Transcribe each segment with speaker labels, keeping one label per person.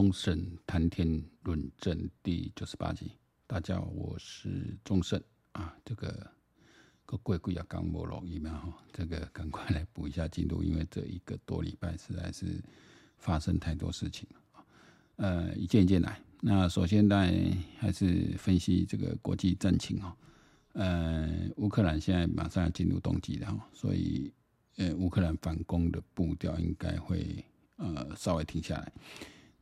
Speaker 1: 忠勝談天論政第九十八集，大家好，我是忠勝啊。這個個貴貴啊，剛不容易嘛哈？這個趕快來補一下進度，因為這一個多禮拜實在是發生太多事情呃，一件一件來。那首先呢，還是分析這個國際戰情哦。呃，烏克蘭現在馬上要進入冬季了哦，所以呃，烏克蘭反攻的步調應該會呃稍微停下來。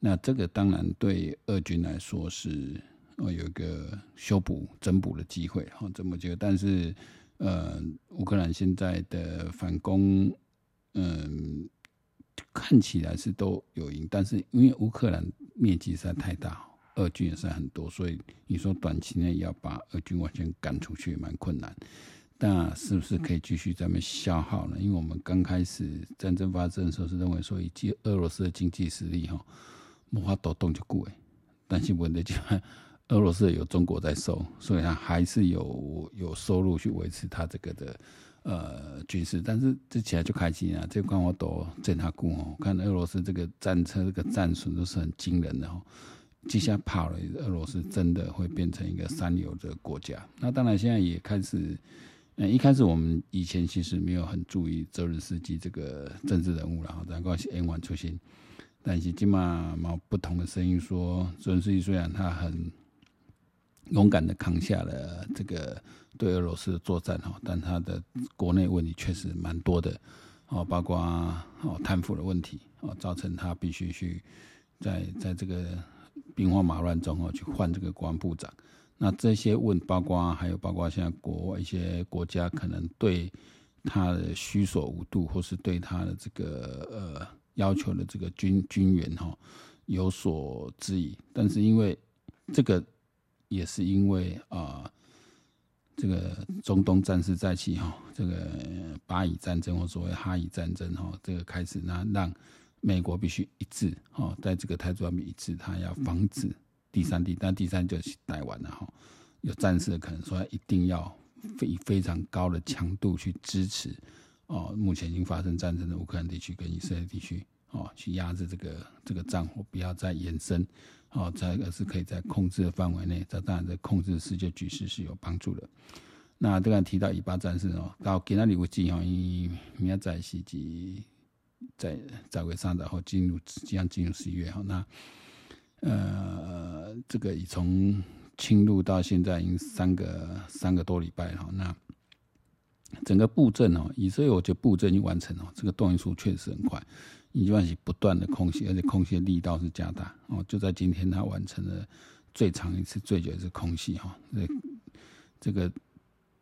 Speaker 1: 那這個當然對俄軍來說是哦有一個修補、增補的機會哈，增補機會。但是，呃，烏克蘭現在的反攻，嗯、呃，看起來是都有贏，但是因為烏克蘭面積實在太大，俄軍也是實在很多，所以你說短期內要把俄軍完全趕出去也蠻困難。那是不是可以繼續這麼消耗呢？因為我們剛開始戰爭發生的時候是認為說，以及俄羅斯的經濟實力哈。木花抖動就過哎，但是問題就是，俄羅斯有中國在收，所以他還是有有收入去維持它這個的呃軍事。但是這起來就開心啊，這關我抖真他過哦！看俄羅斯這個戰車、這個戰損都是很驚人的哦。接下來跑了，俄羅斯真的會變成一個三流的國家。那當然現在也開始，嗯，一開始我們以前其實沒有很注意澤連斯基這個政治人物了哈，然後關係出現但是起碼毛不同的聲音說，澤連斯基雖然他很勇敢的扛下了這個對俄羅斯的作戰哦，但他的國內問題確實蠻多的哦，包括哦貪腐的問題哦，造成他必須去在在這個兵荒馬亂中哦去換這個國防部長。那這些問，包括還有包括像國外一些國家可能對他的需索無度，或是對他的這個呃。要求的這個軍、軍援哈有所質疑，但是因為這個也是因為啊、呃，這個中東戰事再起哈，這個巴以戰爭或者所謂哈以戰爭哈，這個開始呢，讓美國必須一致哈，在這個態度上一致，他要防止第三地，但第三就是台灣了哈，有戰事的可能說一定要非以非常高的強度去支持。哦，目前已經發生戰爭的烏克蘭地區跟以色列地區，哦，去壓制這個這個戰火不要再延伸，哦，再一個是可以在控制的範圍內，這當然在控制世界局勢是有幫助的。那剛剛提到以巴戰爭哦，到加那裡為止哦，明天在星期，在在鬼上然後進入即將進入十一月哈，那呃，這個已從侵入到現在已經三個三個多禮拜了，那。整個布陣哦，以色列我覺得布陣已經完成了，哦。這個動員數確實很快，尤其是不斷的空襲，而且空襲力道是加大哦。就在今天，他完成了最長一次，最久一次空襲哈。哦，這個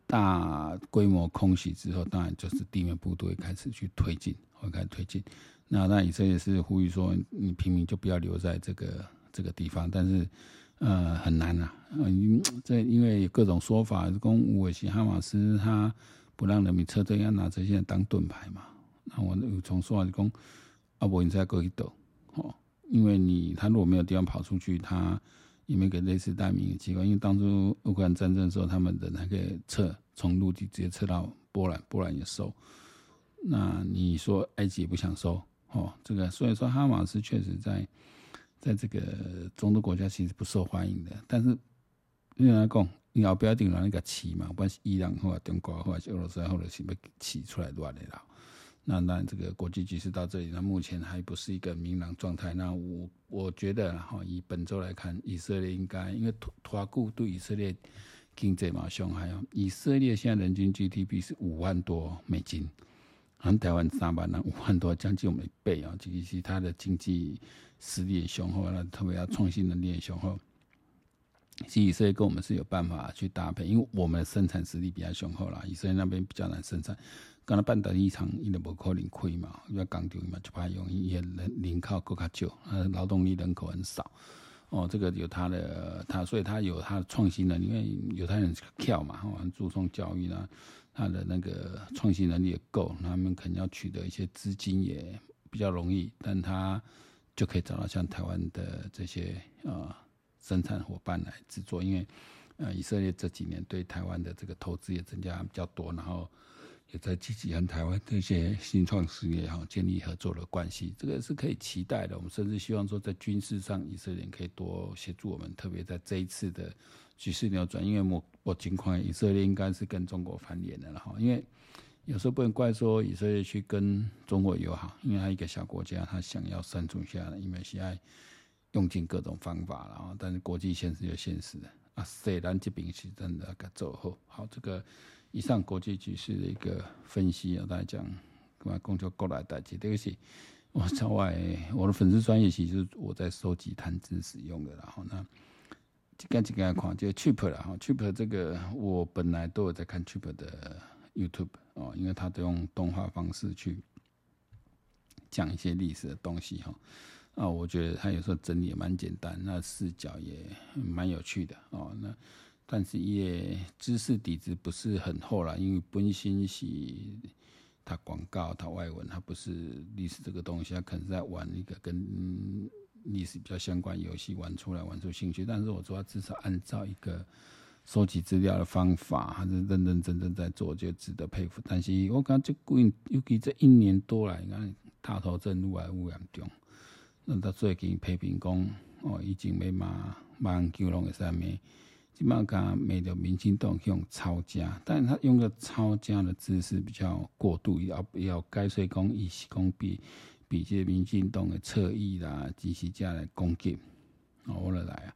Speaker 1: 大規模空襲之後，當然就是地面部隊開始去推進，哦，開始推進。那那以色列是呼籲說，你平民就不要留在這個這個地方，但是呃很難吶，啊。嗯，呃，這因為各種說法，攻烏爾西，哈馬斯他。不讓人民撤退，要拿這些當盾牌嘛？那我從說話就講，阿、啊、伯，你現可過去哦，因為你他如果沒有地方跑出去，他也沒給類似難民的機會。因為當初烏克蘭戰爭的時候，他們的那個撤從陸地直接撤到波蘭，波蘭也收。那你說埃及也不想收，哦，這個所以說，哈馬斯確實在在這個中東國家其實不受歡迎的，但是人家講。你要標定了那個起嘛，不管是伊朗或中國或俄羅斯，或、就、者是被起出來的啦。那當然這個國際局勢到這裡，那目前還不是一個明朗狀態。那我我覺得哈，以本周來看，以色列應該因為脫歐對以色列經濟嘛，傷害。哦，以色列現在人均 GDP 是五萬多美金，按台灣三萬那五萬多將近我們一倍啊，就是它的經濟實力也雄厚，那特別要創新能力也雄厚。以色列跟我們是有辦法去搭配，因為我們的生產實力比較雄厚啦。以色列那邊比較難生產，剛才半導體廠，因為無靠零虧嘛，因為剛丟嘛，就怕容易人零靠夠卡舊呃，勞動力人口很少。哦，這個有他的他，所以他有他的創新能力，因為猶太人是巧嘛，然、哦、後注重教育呢、啊，他的那個創新能力也夠，他們可能要取得一些資金也比較容易，但他就可以找到像台灣的這些啊。哦生產伙伴來制作，因為，以色列這幾年對台灣的這個投資也增加比較多，然後也在積極跟台灣這些新創事業建立合作的關係，這個是可以期待的。我們甚至希望說，在軍事上，以色列可以多協助我們，特別在這一次的局勢扭轉，因為我我儘快以色列應該是跟中國翻臉的了哈。因為有時候不能怪說以色列去跟中國友好，因為他一個小國家，他想要生存下來，因為現在。用盡各種方法，然後但是國際現實有現實的啊，雖然這邊是真的給走後好。這個以上國際局勢的一個分析啊，大家講，剛才過來代替，對不起，我在外我的粉絲專業其實我在收集談資使用的，然後那幾干幾干看就 Cheap 了哈，Cheap 這個、哦這個、我本來都有在看 Cheap 的 YouTube 哦，因為他都用動畫方式去講一些歷史的東西哈。哦啊，我覺得他有時候整理也蠻簡單，那視角也蠻有趣的哦。那但是也知識底子不是很厚啦，因為本身是他廣告，他外文，他不是歷史這個東西，它可能在玩一個跟歷史比較相關遊戲，玩出來玩出興趣。但是我說他至少按照一個收集資料的方法，還是認認真真正正正正在做，就值得佩服。但是我感覺這 Cheap，尤其這一年多來，你看塔頭正入來污染中。那他最近批評講，哦，以前咪罵，罵九龍的啥物，即馬甲面對民進黨用抄家，但他用個抄家的姿勢比較過度，要要蓋碎公義、公義，比這民進黨的側翼啦，及其下來攻擊，好、哦，我來來啊。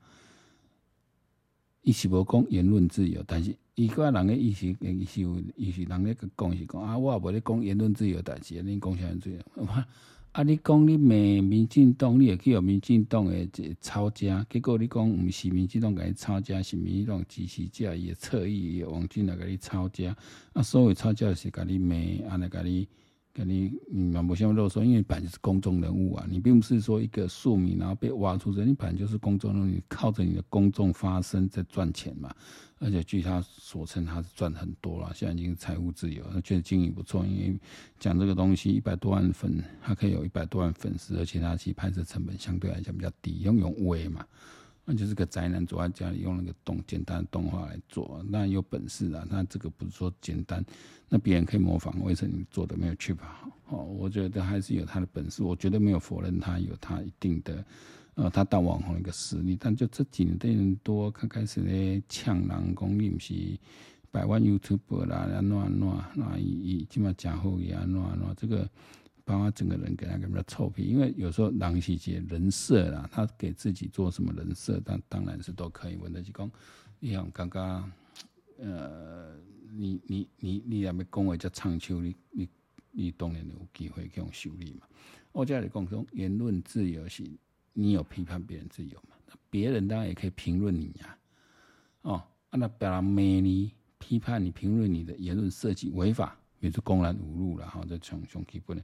Speaker 1: 伊是無講言論自由，但是伊個人誒意思跟意思，意思人咧個講是講啊，我也無咧講言論自由代志，啊，恁講啥物自由？啊！你講你罵民進黨，你會去互民進黨的這抄家，結果你講毋是民進黨，甲你抄家，是民進黨支持者，伊的側翼、伊的網軍來甲你抄家。啊，所謂抄家是甲你罵，啊，來甲你。肯定，你、嗯、蠻不像囉嗦，因為本來就是公眾人物啊。你並不是說一個庶民，然後被挖出人，你本來就是公眾人物，你靠着你的公眾發聲在賺錢嘛。而且據他所稱，他是賺很多了，現在已經財務自由，他覺得經營不錯。因為講這個東西，一百多萬粉，他可以有一百多萬粉絲，而且他其實拍攝成本相對來講比較低，用用五 A 嘛。那就是個宅男，主，在家裡用那個動簡單的動畫來做，那有本事啊！那這個不是說簡單，那別人可以模仿，為什麼你做的沒有去吧？好、哦，我覺得還是有他的本事，我絕對沒有否認他有他一定的，呃，他當網紅的一個實力。但就這幾年的人多，剛開始呢搶人功利，是百萬 YouTuber 啦，啊，亂亂那一，這麼假貨也亂亂這個。幫他整個人給他給他臭屁，因為有時候狼藉些人設啊，他給自己做什麼人設，當當然是都可以問。聞得講你像剛剛呃，你你你你那邊講話叫唱秋，你你你當然有機會去修理嘛。我叫你講中言論自由是，你有批判別人自由嘛，別人當然也可以評論你呀。哦，那別人罵你、批判你、評論你的言論涉及違法，比如說公然侮辱了，吼，這是最基本的。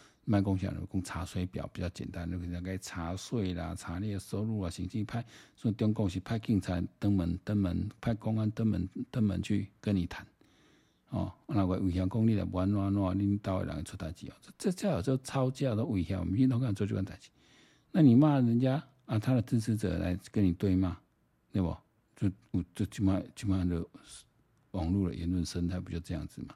Speaker 1: 賣共享，如果查水表比較簡單，是那個查稅啦，查你的收入啊，甚至派，所以中共是派警察登門，登門派公安登門，登門去跟你談。哦，那個圍牆工地的保安亂亂，領導人出大事哦，啊，這這家伙，就吵架都危險，我們老講做這款代誌。那你罵人家啊，他的支持者來跟你對罵，對不？就就起碼起碼就網絡的言論生態不就這樣子嘛。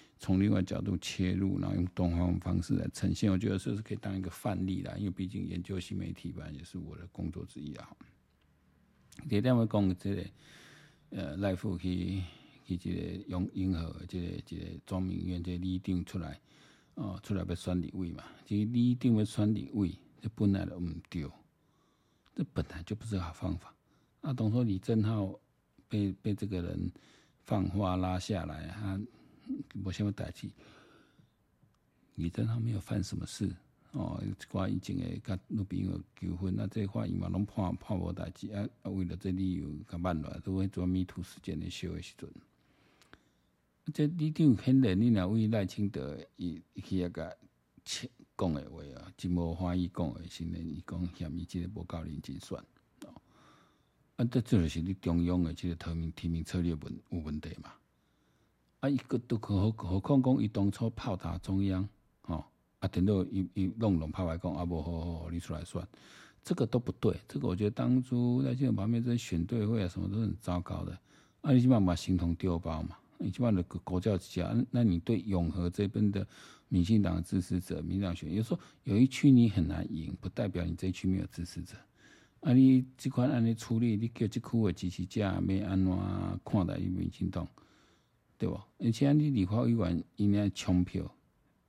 Speaker 1: 從另外個角度切入，然後用東方方式來呈現，我覺得這是可以當一個範例的，因為畢竟研究新媒體，反正也是我的工作之一啊。第兩位講的這個，呃，賴福去去這個永銀河的這個這個莊銘淵這擬定出來，哦，出來要選立委嘛？這擬定要選立委，這本來就唔對，這本來就不是好方法。啊，等於說李正浩被被這個人放話拉下來，他。無啥物代志，你，但他沒有犯什麼事哦。花一金誒，甲女朋友求婚，那這法院嘛攏判判無代志啊！啊，為了這理由，甲挽了，都會專 MeToo 時間來燒誒時陣、啊。這李有肯定你若為賴清德一一個講誒話啊，真無歡喜講誒。現在伊講嫌伊即個無夠認真算哦。啊，這即是是你中央誒，即個提名提名策略問有問題嘛？啊，一個都可，何況講伊當初炮打中央，吼、喔，啊，等到伊伊弄弄拋來講，啊，無好，好，好你出來選，這個都不對，這個我覺得當初在金門旁邊這些選對會啊，什麼都很糟糕的，啊，你起碼把形同丟包嘛，你起碼的國教家，那你對永和這邊的民進黨支持者、民進黨選，也就是說有一區你很難贏，不代表你這一區沒有支持者，啊，你這款安尼處理，你叫這區的支持者，要安怎看待民進黨？對吧？而且你立法委員伊呢搶票，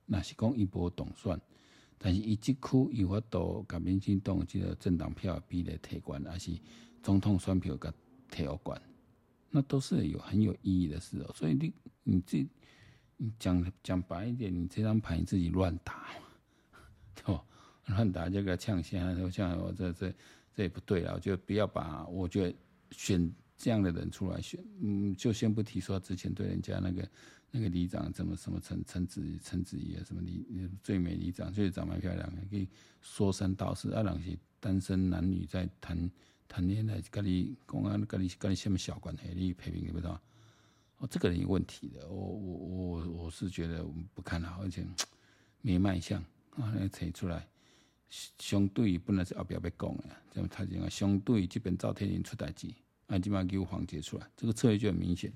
Speaker 1: 那是講伊無當選，但是伊即區有法多民進黨即個政黨票比來推關，還是總統選票甲推我關，那都是有很有意義的事哦、喔。所以你你自己講講白一點，你這張牌你自己亂打，對，亂打這個搶先，我像我這這這也不對啊，就不要把，我覺得，我覺得選。這樣的人出來選，嗯，就先不提說之前對人家那個那個里長怎麼什麼陳陳子陳子怡啊，什麼里最美里長，就是長蠻漂亮的，說三道四，啊，那些單身男女在談談戀愛，跟你公安跟你跟你什麼小關係，你批評你不知道？哦，這個人有問題的，我我我我是覺得我們不看好，而且沒賣相啊，那提出來，相對本來是阿表要講的，這樣太像了，相對這邊趙天麟出代誌。起碼給我黃捷出來，這個策略就很明顯。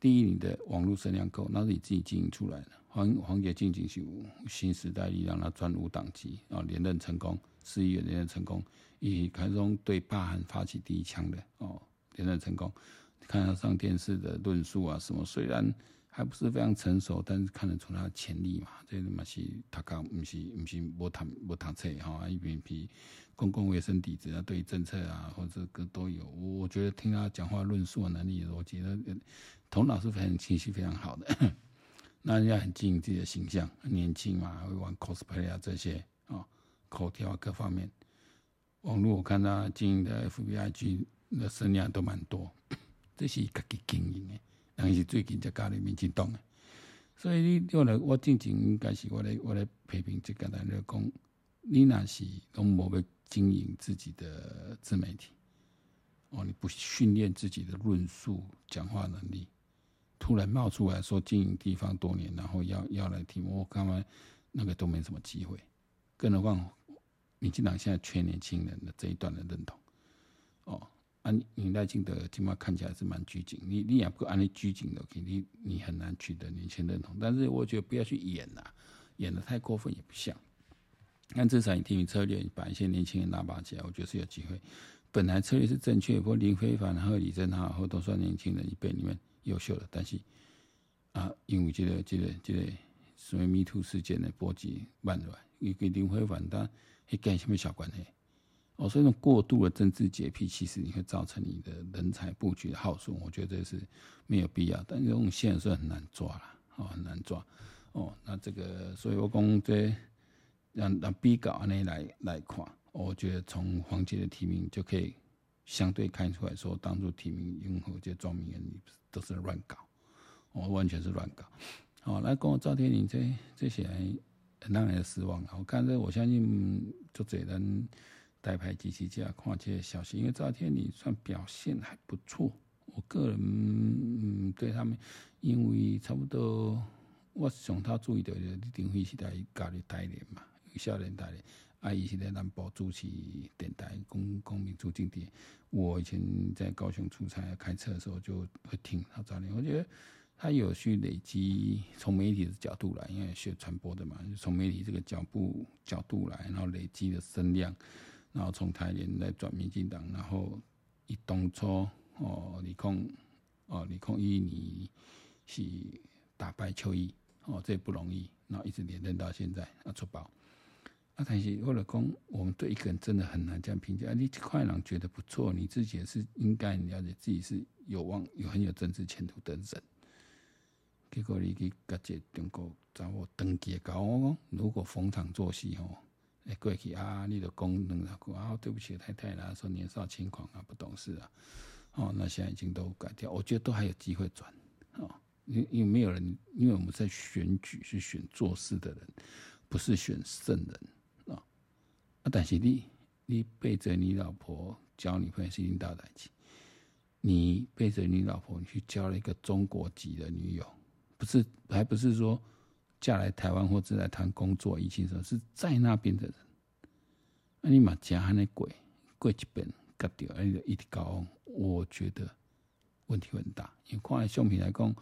Speaker 1: 第一，你的網絡聲量夠，那是你自己經營出來的。黃、黃捷競爭性新時代力量，你讓他專入黨籍啊、哦，連任成功，市議員連任成功，以台中對罷韓發起第一槍的哦，連任成功。看他上電視的論述啊，什麼雖然還不是非常成熟，但是看得出他的潛力嘛。這他媽是，他講不是不是無讀無他冊哈，一編皮。公共衛生體制啊，對於政策啊，或者各都有。我我覺得聽他講話論述的能力，我覺得、嗯、頭腦是非常清晰、非常好的。 那人家很經營自己的形象，年輕嘛，會玩 cosplay 啊，這些啊、哦，口條各方面。網絡我看他經營的 FBIG 的生意啊都蠻多，這是他自己經營的。但是最近在家裡面進懂的，所以你後來我之前應該是我來我來批評這個人，但是講你若是攏無要。經營自己的自媒體，哦，你不訓練自己的論述、講話能力，突然冒出來說經營地方多年，然後要要來提名，幹嘛，那個都沒什麼機會。更何況，你經常現在缺年輕人的這一段的認同。哦、啊，啊，賴清德起碼看起來是蠻拘謹，你你也不安利拘謹的，肯定你很難取得年輕認同。但是我覺得不要去演吶、啊，演得太過分也不像。看正常提名策略，把一些年輕人拉拔起來，我覺得是有機會。本來策略是正確，或林非凡和李、李禮珍，他都算年輕人一輩裡面優秀的。但是啊，因為這個、這個、這個所謂“迷途事件”的波及蔓延，因為林非凡，他幹什麼小關係，哦，所以呢，過度的政治潔癖其實你會造成你的人才布局的耗損，我覺得這是沒有必要。但是這種線是很難抓了，哦，很難抓。哦，那這個，所以我講這個。讓讓 B 搞安尼來來看，我覺得從黃捷的提名就可以相對看出來說，當初提名任何這莊銘淵，你都是亂搞，我完全是亂搞好。好來，跟我趙天麟這這些人很讓人失望啊！我看着我相信，就多人代牌支持下看這消息，因為趙天麟算表現還不錯。我個人嗯對他們，因為差不多，我是從他注意到就一定會是在家裡待連嘛。夏仁代理，阿姨現在在南部主持電台公公民駐經典。我以前在高雄出差開車的時候，就會聽他講的。我覺得他有去累積，從媒體的角度來，因為學傳播的嘛，從媒體這個腳步角度來，然後累積的聲量，然後從台聯來轉民進黨，然後一當初哦李孔哦李孔一年是打敗邱毅哦，這也不容易，然後一直連任到現在，啊出包。啊，但是，為了公，我們對一個人真的很難這樣評價。你這塊人覺得不錯，你自己也是應該了解自己是有望有很有政治前途的人。結果你去甲一個中國查某當局講，我講如果逢場作戲哦，誒，過去啊，你的功能啊，啊對不起太太啦，啊，說年少輕狂啊，不懂事啊，哦，那現在已經都改掉，我覺得都還有機會轉。哦，因因為沒有人，因為我們在選舉是選做事的人，不是選聖人。啊！但是你，你背着你老婆交女朋友是恁家代誌。你背着你老婆，去交了一個中國籍的女友，不是，還不是說嫁來台灣或者來談工作、疫情什麼？是在那邊的人。那尼嘛講安尼鬼，過幾本割掉，而且一直搞，我覺得問題很大。因為看相片來講，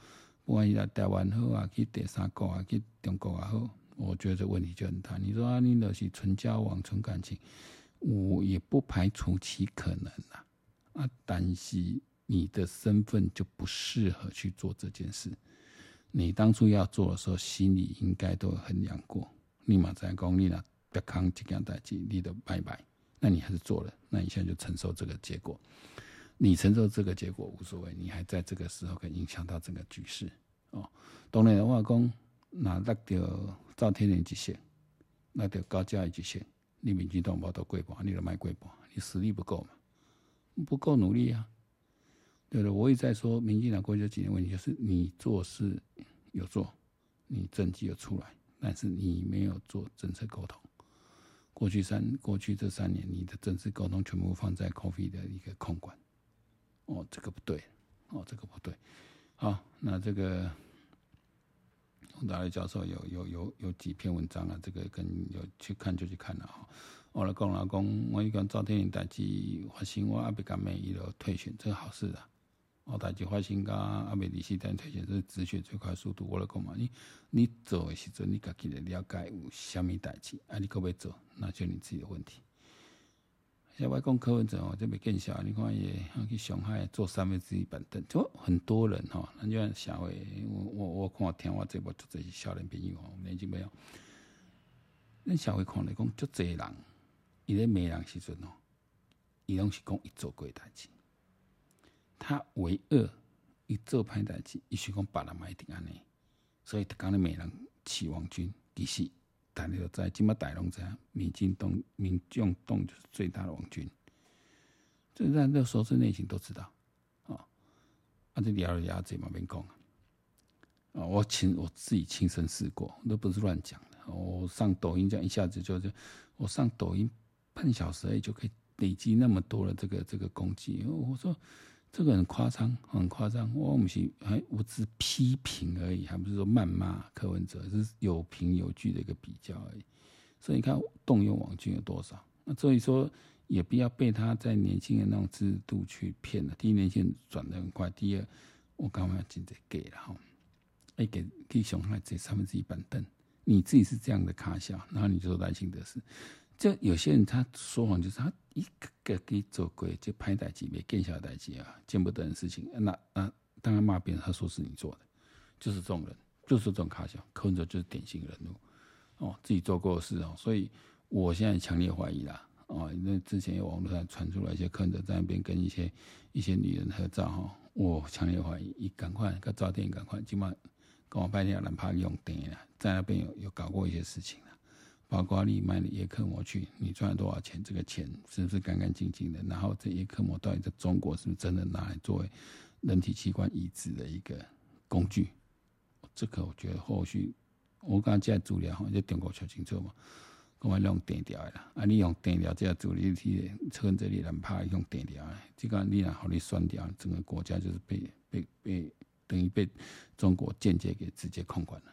Speaker 1: 不管是來台灣好啊，去第三國啊，去中國也好。我覺得這問題就很大。你說啊，你那是純交往、純感情，我也不排除其可能吶。啊，但是你的身份就不適合去做這件事。你當初要做的時候，心裡應該都衡量過。立馬在功利呢，不扛幾樣大忌，你得拜拜，那你還是做了。那你現在就承受這個結果。你承受這個結果無所謂，你還在這個時候可以影響到整個局勢。哦，懂你的話講，那得要。到天然極限，那條高價一極限。你民進黨不到過半，你都沒過半。你實力不夠嘛？不夠努力啊！對了，我也在說民進黨過去幾年問題，就是你做事有做，你政績有出來，但是你沒有做政策溝通。過去三，過去這三年，你的政策溝通全部放在 coffee 的一個控管。哦，這個不對，哦，這個不對。好，那這個。大瑞教授有有有有幾篇文章啊，這個跟有去看就去看了，哦，我來講來講，我講昨天有代志，發生我阿伯講免伊療退選，這個好事啊。我代志發生甲阿伯李氏單退選，這是止，啊，血最快速度。我來講嘛，你你做的時陣，你家己了解有啥物代志，啊你可以做，那就你自己的問題。我講柯文哲哦，這邊更小，你看誒，去上海做三分之一板凳，就很多人哈。你看社會，我我我看、聽話，這部就儕是少年朋友哦，年輕朋友。咱社會看來講，足儕人，伊咧罵人時陣哦，伊攏是講伊做過誒代志，他為惡，伊做歹代志，伊是講別人一定安尼，所以逐工咧罵人齊王君，其實。在金馬台龍在民進動民進動就是最大的王軍，這在那時候是內心都知道，啊，他就咬着嘴嘛邊講，啊，啊、我親我自己親身試過，都不是亂講的。我上抖音這樣一下子就就，我上抖音半小時就可以累積那麼多了這個這個功績，我說。這個很誇張，很誇張。我母親，哎，我只批評而已，還不是說謾罵柯文哲，是有憑有據的一個比較而已。所以你看，動用網軍有多少？那所以說，也不要被他在年輕人那種制度去騙了。第一，年輕人轉得很快；第二，我剛要現在給了哈，哎，給給熊孩子三分之一板凳。你自己是這樣的卡下，然後你就擔心的是，這有些人他說謊就是他，一個個給做鬼就拍代誌，沒見小代誌啊，見不得人事情。那那，當然罵別人，他說是你做的，就是這種人，就是這種卡小。柯文哲就是典型人物，哦，自己做過的事哦。所以我現在強烈懷疑啦，哦，因為之前有網絡上傳出來一些柯文哲在那邊跟一些一些女人合照哈，我、哦、強烈懷疑，你趕快個早點趕快，今晚跟我拍電影，哪怕用電影啊，在那邊有有搞過一些事情。包括你賣你葉克膜去，你賺了多少錢？這個錢是不是干干淨淨的？然後這耶葉克膜到底在中國是不是真的拿來作為人體器官移植的一個工具？這個我覺得後續我剛才在主聊就中過說清楚嘛，講話用電療的啦，啊你用電療這樣做立體的，村子裡人拍用電療的，即個你然後你算掉，整個國家就是被被被等於被中國間接給直接控管了。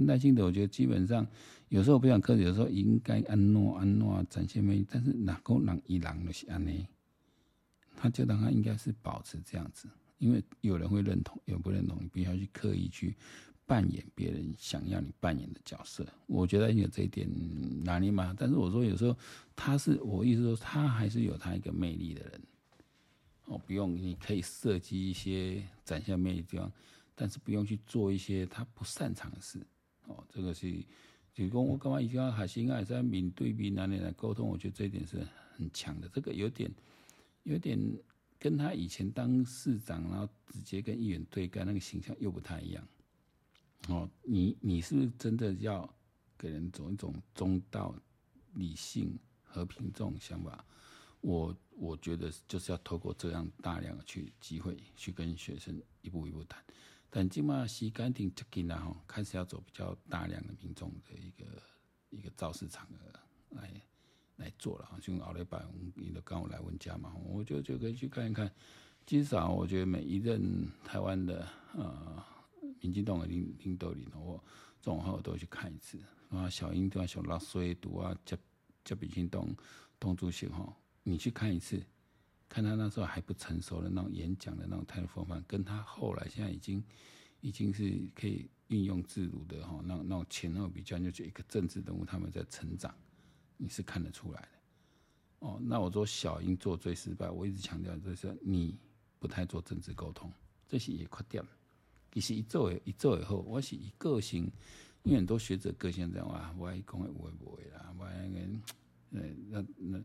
Speaker 1: 動態性的，我覺得基本上，有時候我不想刻意，有時候應該安諾安諾展現魅力。但是哪個男一人都是安尼，他就當他應該是保持這樣子，因為有人會認同，有不認同，你不要去刻意去扮演別人想要你扮演的角色。我覺得有這一點拿捏嘛。但是我說有時候他是，我意思說他還是有他一個魅力的人。哦，不用，你可以設計一些展現魅力的地方，但是不用去做一些他不擅長的事。哦，這個是，比如我剛剛一還海應該面對面來溝通？我覺得這一點是很強的。這個有點，有點跟他以前當市長，然後直接跟議員對幹那個形象又不太一樣。哦，你你是不是真的要給人種一種中道、理性、和平這種想法？我我覺得就是要透過這樣大量的去機會，去跟學生一步一步談。但即嘛，時間挺接近了吼，開始要走比較大量的民眾的一個一個造勢場合來來做了啊，像澳大利亞、印度、剛好來問家嘛，我就就可以去看一看。至少，啊、我覺得每一任台灣的呃民進黨的領領導人，我總好都會去看一次啊，小英啊、小賴、蘇毅都啊，接接民進黨黨主席吼，你去看一次。看他那時候還不成熟的那種演講的那種態度、風範，跟他後來現在已經，已經是可以運用自如的哈，那那種前後比較，就一個政治人物他們在成長，你是看得出來的。哦，那我說小英做最失敗，我一直強調就是你不太做政治溝通，這些也缺點。其實一做一做以後，我是一個性，因為很多學者個性這樣啊，我愛會我會不會啦，我愛。個那那。那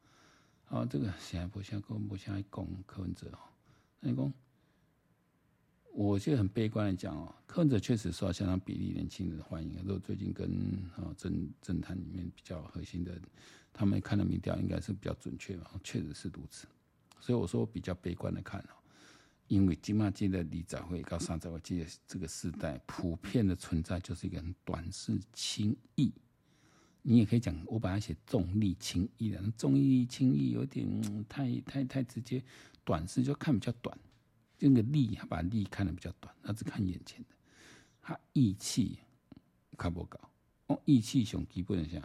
Speaker 1: 啊，這個現在不先跟不先講柯文哲哦，那、嗯、講，我就很悲觀的講哦，柯文哲確實受到相當比例年輕人歡迎，而且最近跟啊、哦、政政壇裡面比較核心的，他們看的民調應該是比較準確嘛，確實是如此，所以我說我比較悲觀的看哦，因為金馬金的李展輝跟上展輝這些這個時代普遍的存在就是一個很短視輕易。你也可以講，我把它寫重利輕義的，重利輕義有點太太太直接，短視就看比較短，這個利他把利看得比較短，他只看眼前的，他義氣看不高，義氣上基本上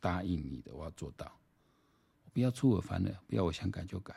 Speaker 1: 答應你的，我要做到，不要出爾反爾，不要我想改就改。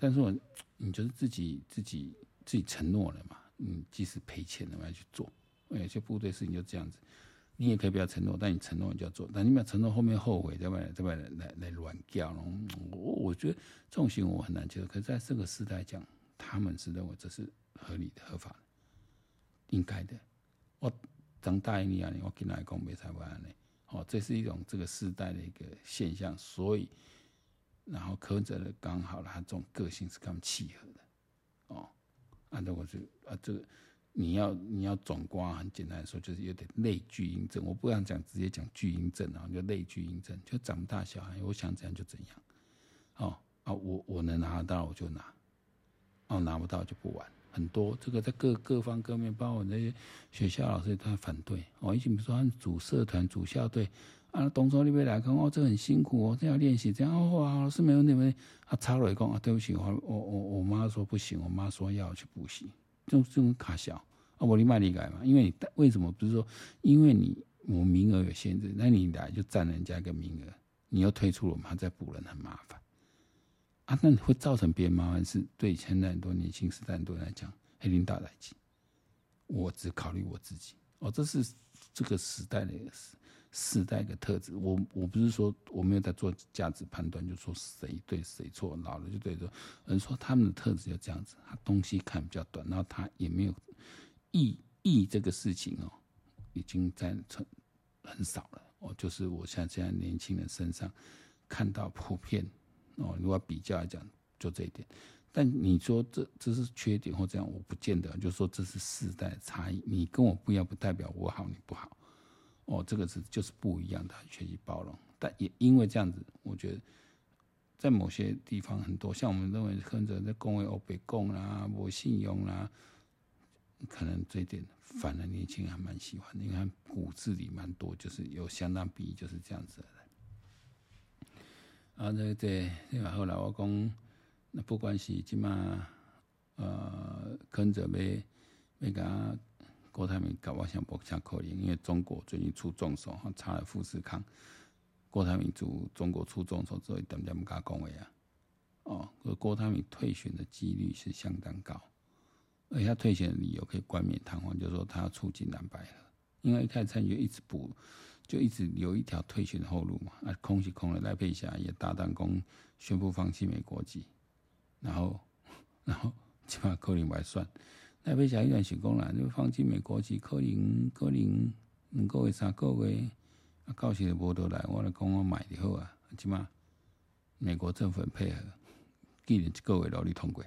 Speaker 1: 但是，我，你就是自己自己自己承諾了嘛？你即使賠錢了嘛？要去做。有些部隊事情就這樣子，你也可以不要承諾，但你承諾你就要做。但你不要承諾，後面後悔，對不對？對不對？來來亂叫。我我覺得這種行為我很難接受。可是在這個時代講，他們是認為這是合理的、合法的、應該的。我長大你啊，你我跟來講沒台灣呢。這是一種這個時代的一個現象，所以。然後柯哲的剛好他這種個性是剛契合的，哦，按照我是啊，這個你要你要總括，很簡單說就是有點類巨嬰症，我不敢講直接講巨嬰症啊，就類巨嬰症，就長大小孩，我想怎樣就怎樣，哦啊，我我能拿到我就拿，哦拿不到就不玩。很多這個在各各方各面，包括那些學校老師都在反對。哦，以前比如說他們組社團、組校隊，啊，東洲那邊來，看哦，這很辛苦哦，這樣練習這樣，哇、哦，老師沒問題沒問題？啊，插來講啊，對不起，我我我我媽說不行，我媽說要去補習，就這種卡小，啊，我立馬理解嘛。因為你為什麼不是說，因為你我名額有限制，那你來就佔人家一個名額，你要退出了，了，我們再補人很麻煩。啊，那會造成別人麻煩。是對現在很多年輕時代很多人來講，黑領導來講，我只考慮我自己。哦，這是這個時代的時代的特質。我我不是說我沒有在做價值判斷，就說誰對誰錯。老了就對的，而是說他們的特質就這樣子。他東西看比較短，然後他也沒有意義這個事情哦，已經在很少了。哦，就是我現在現在年輕人身上看到普遍。哦，如果比較來講，就這一點。但你說這這是缺點或這樣，我不見得就說這是世代差異。你跟我不一樣，不代表我好你不好。哦，這個是就是不一樣的，學習包容。但也因為這樣子，我覺得在某些地方很多，像我們認為可能在工會歐北共啦，我信用啦，可能這一點反而年輕人還蠻喜歡。你看骨子裡蠻多，就是有相當比例就是這樣子的。啊，這個，這後來我講，那不管是即嘛，呃，肯着被被個郭台銘搞，我想博強可憐，因為中國最近出重手，查了富士康，郭台銘從中國出重手，所一點點咪敢講話啊。哦，而郭台銘退選的幾率是相當高，而且他退選的理由可以冠冕堂皇，就是說他要促進藍白合，因為一開始參選一直補。就一直有一條退選的後路嘛，啊，空是空的，賴佩霞也大膽講宣布放棄美國籍，然後，然後起碼柯林還算，賴佩霞一轉成功啦，就放棄美國籍，柯林柯林兩個月三個月，啊，到時候就無都來，我來講我買就好啊，起碼美國政府很配合，既然一個月勞力通過。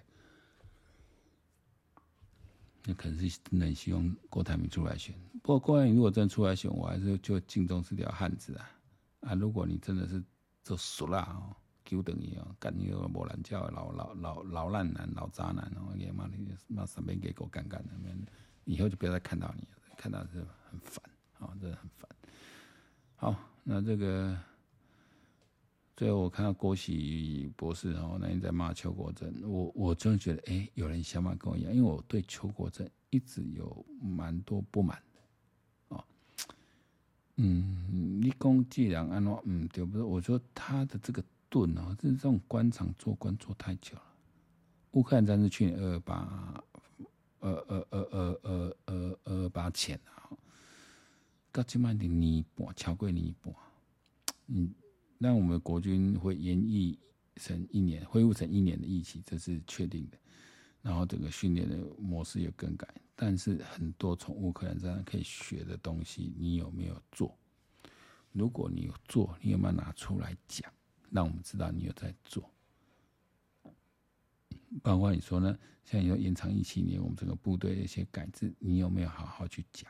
Speaker 1: 那可能是真的希望郭台銘出來選，不過郭台銘如果真的出來選，我還是就敬重是條漢子啊！啊，如果你真的是做熟了哦，勾當伊哦，幹那個無懶叫的老老老老爛男、老渣男哦，也媽你媽上面給狗幹干，以後就不要再看到你，了。看到就很煩啊，真的很煩。好，那這個。最後我看到郭玺博士、喔，然後那天在罵邱國正。我我真的覺得，哎、欸，有人想法跟我一樣，因為我對邱國正一直有蠻多不滿的，哦，嗯，你講既然安怎，嗯，對，不對我說他的這個盾哦、喔，是這種官場做官做太久了，烏克蘭戰爭去年二二二二二二二二二八前了，到今嘛一年半，超過一年半，嗯。那我們國軍會延役成一年，恢復成一年的役期，這是確定的。然後整個訓練的模式有更改，但是很多從烏克蘭這樣可以學的東西，你有沒有做？如果你有做，你有沒有拿出來講，讓我們知道你有在做？包括你說呢，現在有延長一七年，我們整個部隊的一些改制，你有沒有好好去講？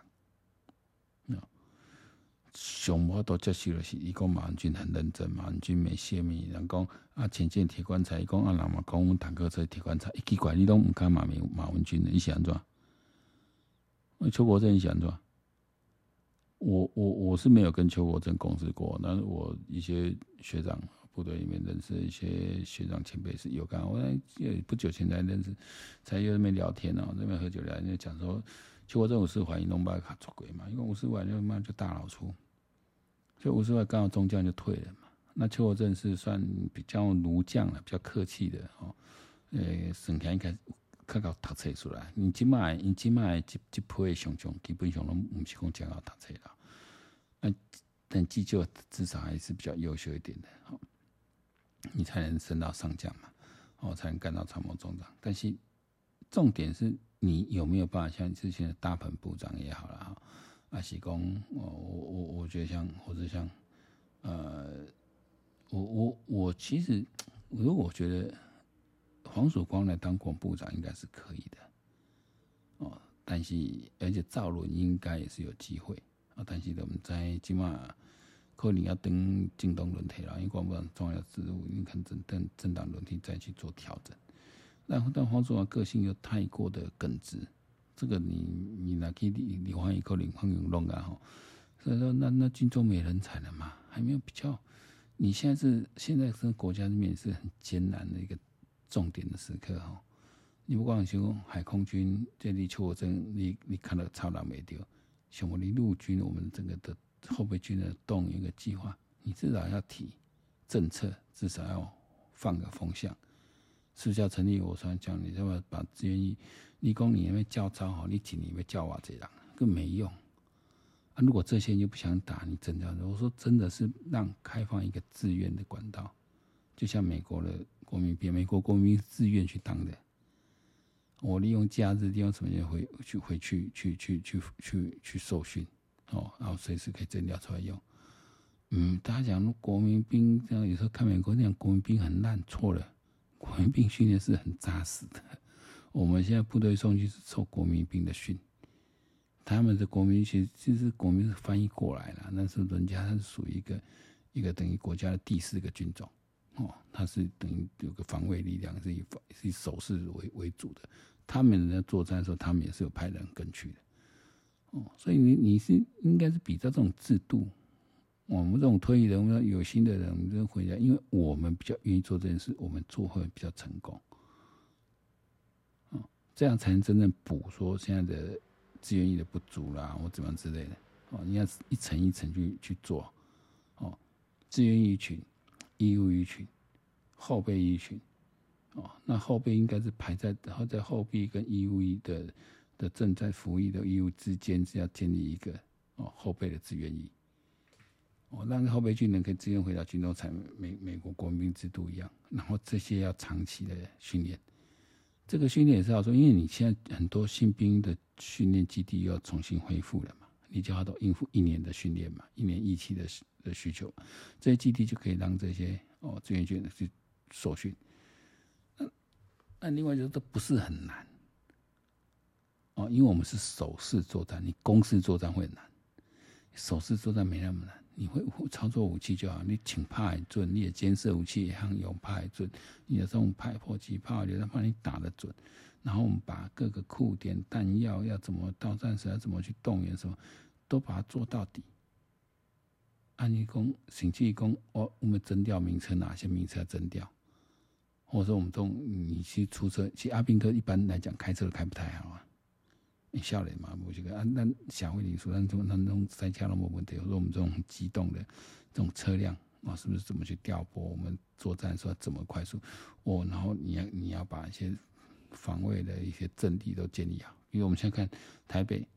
Speaker 1: 熊貓都接受了，是伊講馬文君很認真，馬文君沒洩密。人講啊，潛艦、鐵棺材，伊講啊，人嘛講阮坦克車、鐵棺材，一、啊、奇怪伊都毋敢馬明、馬文君的，你是安怎？邱國正，你是安怎？我、我、我是沒有跟邱國正共事過，但是我一些學長部隊裡面認識一些學長前輩是有幹。我在不久前才認識，才又在一邊聊天哦，我在一邊喝酒聊天，就講說邱國正五師懷疑龍巴卡出軌嘛，因為五師晚就嘛就大老粗。就吳師外幹到中將就退了嘛，那邱國正是算比較奴將了，比較客氣的哦。誒、呃，沈強一開始看到打車出來，你今麥，你今麥只只配上將，基本上攏唔是講講到打車了。那但至少至少還是比較優秀一點的，好，哦，你才能升到上將嘛，哦，才能幹到參謀總長。但是重點是，你有沒有辦法像之前的大鵬部長也好了哈？哦還是講，我我我覺得像或者像，呃，我我我其實，如果我覺得黃曙光來當國防部長，應該是可以的，哦，但是而且趙倫應該也是有機會啊，但是我們在今晚可能要登京東輪替了，因為國防部長重要的職務，你看等等政黨輪替，再去做調整，然後但黃曙光個性又太過的耿直。這個你你拿去你李煥一個李煥英弄啊，所以說那那軍中沒人才了嘛，還沒有比較。你現在是現在是國家裡面是很艱難的一個重點的時刻吼。你不管說海空軍這裡求我真，你你看到超大美沒丟。像我們陸軍，我們整個的後備軍的動一個計劃，你至少要提政策，至少要放個風向。是下成立，我算講，你他媽把建議。你工你，你因為教招哦，你警，你因為教瓦這樣更沒用。啊，如果這些人就不想打，你怎樣？我說真的是讓開放一個自願的管道，就像美國的國民兵，美國國民兵自願去當的。我利用假日，利用什麼機會去回去回去去去去去，去受訓，哦，然後隨時可以徵調出來用。嗯，大家講國民兵這樣，有時候看美國那樣國民兵很爛，錯了，國民兵訓練是很扎實的。我們現在部隊送去是受國民兵的訓，他們的國民其實其實國民是翻譯過來了，那是人家，他是屬於一個一個等於國家的第四個軍種哦，他是等於有個防衛力量，是以是以守勢為為主的。他們人家作戰的時候，他們也是有派人跟去的哦，所以你你是應該是比較這種制度，我們這種退役人員，有心的人，我們回家，因為我們比較願意做這件事，我們做會比較成功。這樣才能真正補說現在的志願役的不足啦，或怎麼樣之類的哦。你要一層一層去去做哦，志願役群、義務役群、後備役群哦。那後備應該是排在然後在後備跟義務役的的正在服役的義務之間，是要建立一個哦後備的志願役哦，讓後備軍人可以自願回到軍中參美美國國民兵制度一樣。然後這些要長期的訓練。這個訓練也是要說，因為你現在很多新兵的訓練基地又要重新恢復了嘛，你就要都應付一年的訓練嘛，一年一期的的需求，這些基地就可以讓這些哦志願軍的去受訓。那、嗯、另外就是這不是很難哦，因為我們是守勢作戰，你攻勢作戰會很難，守勢作戰沒那麼難。你會操作武器就好，你挺派準，你也監視武器也很有派準，你的這種派迫擊炮，就是怕你打得準。然後我們把各個庫點彈藥要怎麼到戰時要怎麼去動員什麼，都把它做到底。安一工、沈濟一工，哦，我們徵調民車，哪些民車要徵調？或者說我們這你去出車，其實阿兵哥一般來講開車都開不太好啊你下來嘛？我就跟啊，那想問你，說那中那種在家都沒問題。我說我們這種機動的這種車輛啊，是不是怎麼去調撥？我們作戰時候怎麼快速？哦，然後你要你要把一些防衛的一些陣地都建立好，因為我們現在看台北、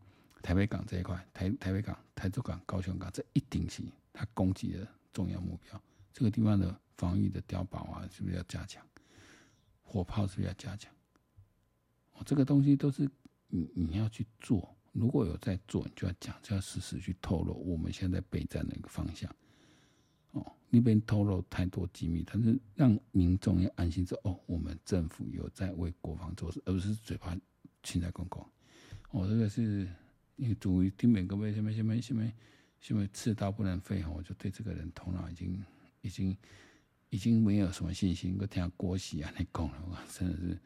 Speaker 1: 台北港這一塊，台台北港、台中港、高雄港這一定是它攻擊的重要目標，這個地方的防禦的碉堡啊，是不是要加強？火炮是不是要加強？哦，這個東西都是。你你要去做，如果有在做，你就要講，就要時時去透露，我們現在在備戰的一個方向。哦，那邊透露太多機密，但是讓民眾要安心說，哦，我們政府有在為國防做事，而不是嘴巴現在講講。我這個是，你注意聽每為什麼什麼什麼什麼刺刀不能廢，我就對這個人頭腦已經已經已經沒有什麼信心。我聽到國喜啊，你講了，真的是。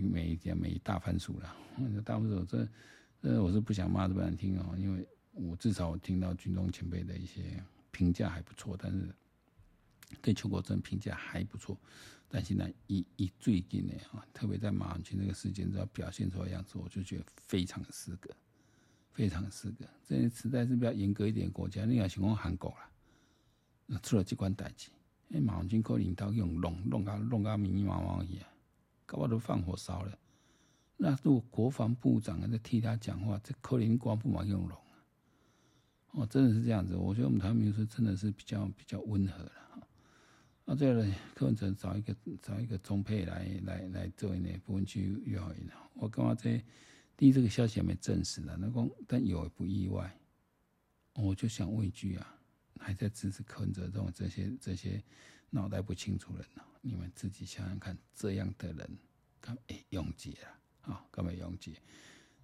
Speaker 1: 每一家每一大番薯了，大番薯這，這我是不想罵，是不想聽哦，因為我至少我聽到軍中前輩的一些評價還不錯，但是對邱國正評價還不錯，但現在以以最近的啊，特別在馬文君這個事件要表現出來的樣子，我就覺得非常的失格，非常失格。在時代是比較嚴格一點的國家，那個情況韓國了，出了機關代志，哎，馬文君以領導用弄弄啊弄啊迷迷惘惘去啊。幹嘛都放火燒了？那如果國防部長還在替他講話，這柯林官不滿又聾。哦，真的是這樣子。我覺得我們台灣民說真的是比較比較溫和了。那、啊、個呢，柯文哲找一個找一個中配來來來做呢不分區候選人。我幹嘛在？第一，這個消息還沒證實的。那公但有不意外，哦、我就想問一句啊，還在支持柯文哲這種這些這些腦袋不清楚人呢？你們自己想想看，這樣的人，咁誒擁擠啦，啊，咁樣擁擠。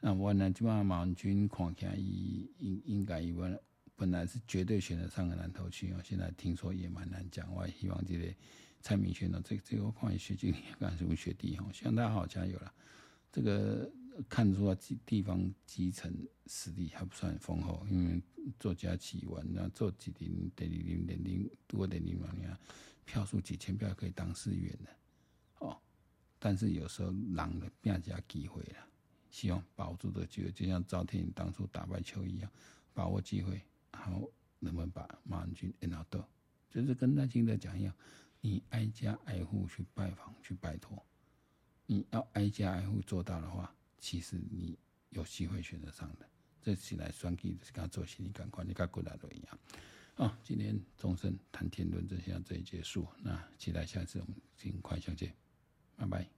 Speaker 1: 那我呢，即馬文君看起來，應應該以為本來是絕對選得上個南投區，現在聽說也蠻難講。我希望這個蔡明軒呢，最這個礦業學區應該是文學帝吼，希望大好，好加油啦！這個看出來基地方基層實力還不算豐厚，因為做家起源，然後做幾年，第二年、第三年多，第二年嘛。票數幾千票也可以當市議員的，哦，但是有時候狼的更加機會了，希望保住的機會，就像趙天麟當初打敗邱一樣，把握機會，好能不能把馬文君也到？就是跟賴清德講一樣，你挨家挨戶去拜訪去拜托，你要挨家挨戶做到的話，其實你有機會選擇上的。這起來算舉的，就是跟他做心理感官，你各過來都一樣。好，今天忠勝談天論政，先到這裡結束，那期待下次我們儘快相見，拜拜。